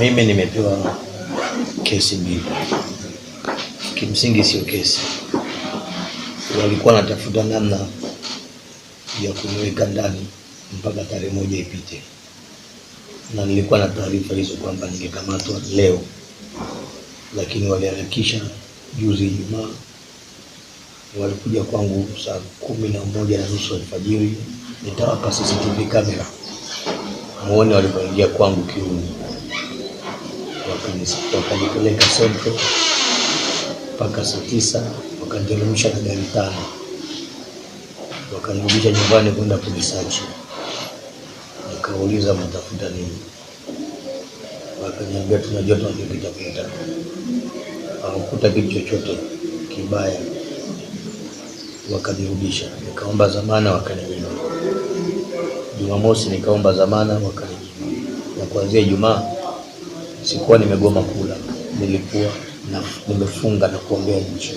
Mimi nimepewa kesi mbili, kimsingi sio kesi, walikuwa wanatafuta namna ya kuniweka ndani mpaka tarehe moja ipite, na nilikuwa na taarifa hizo kwamba ningekamatwa leo, lakini waliharakisha. Juzi Ijumaa walikuja kwangu saa kumi na moja na nusu alfajiri, nitawapa CCTV kamera muone walivyoingia kwangu kiuni wakanipeleka Sento mpaka saa tisa, wakanteremsha na gari tano, wakanirudisha nyumbani kwenda kujisachi. Nikauliza matafuta nini? Wakaniambia tunajua tunachokitafuta. Hawakuta kitu chochote kibaya, wakanirudisha. Nikaomba zamana wakaninyima. Jumamosi nikaomba zamana wakaninyima, na kuanzia Ijumaa sikuwa nimegoma kula, nilikuwa nimefunga na kuombea nchi.